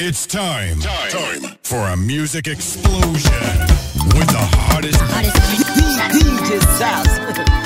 It's time, time, time, for a music explosion with the hottest, hottest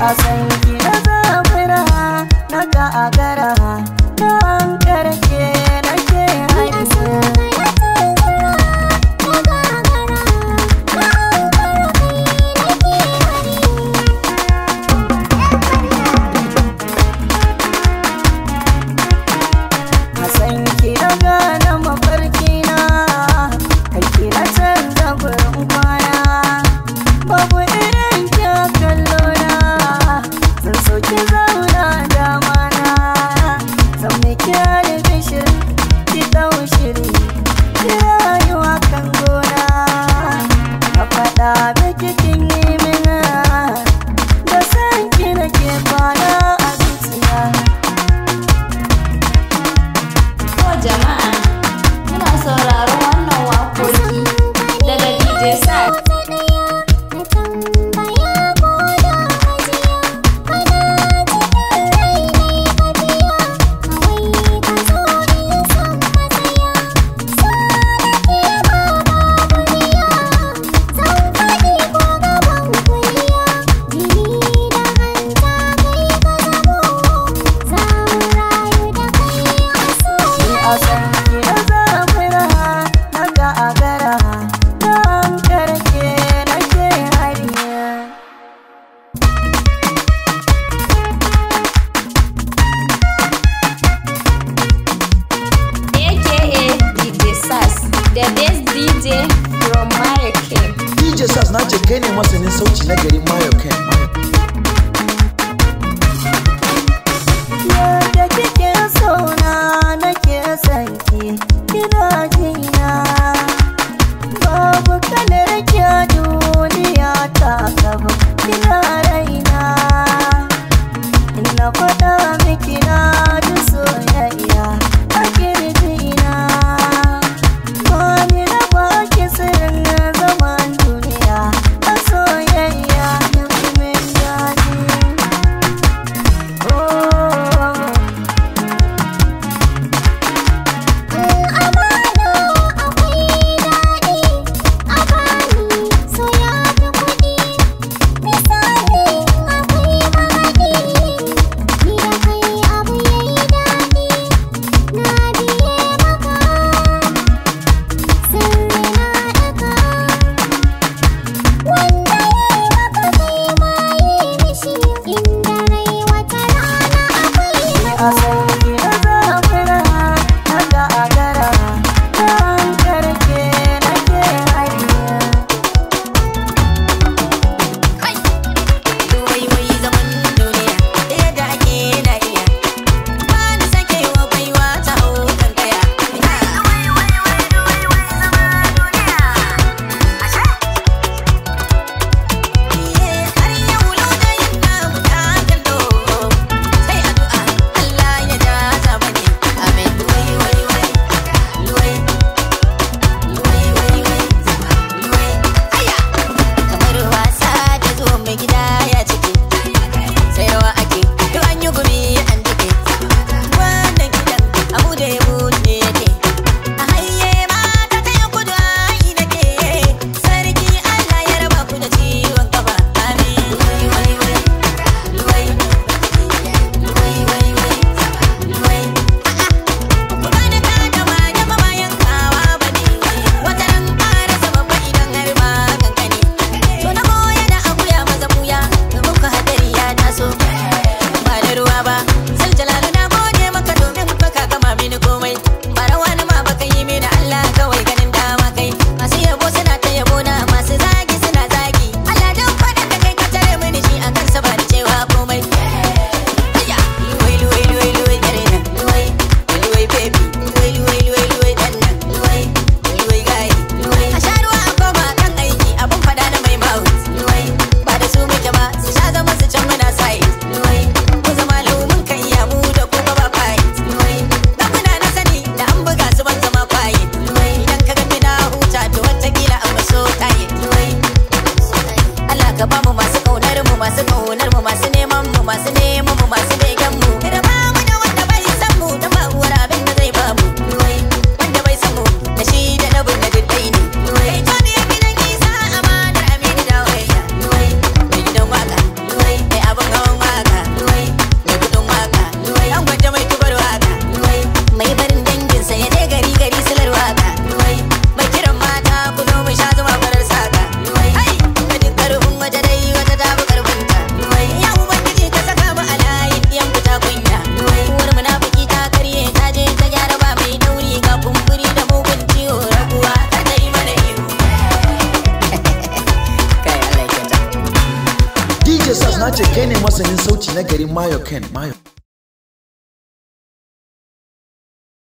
I say. Ade from Mayokin. DJ Sas na Jekene masanin sauci na garin Mayokin. nagari mayo ken mayo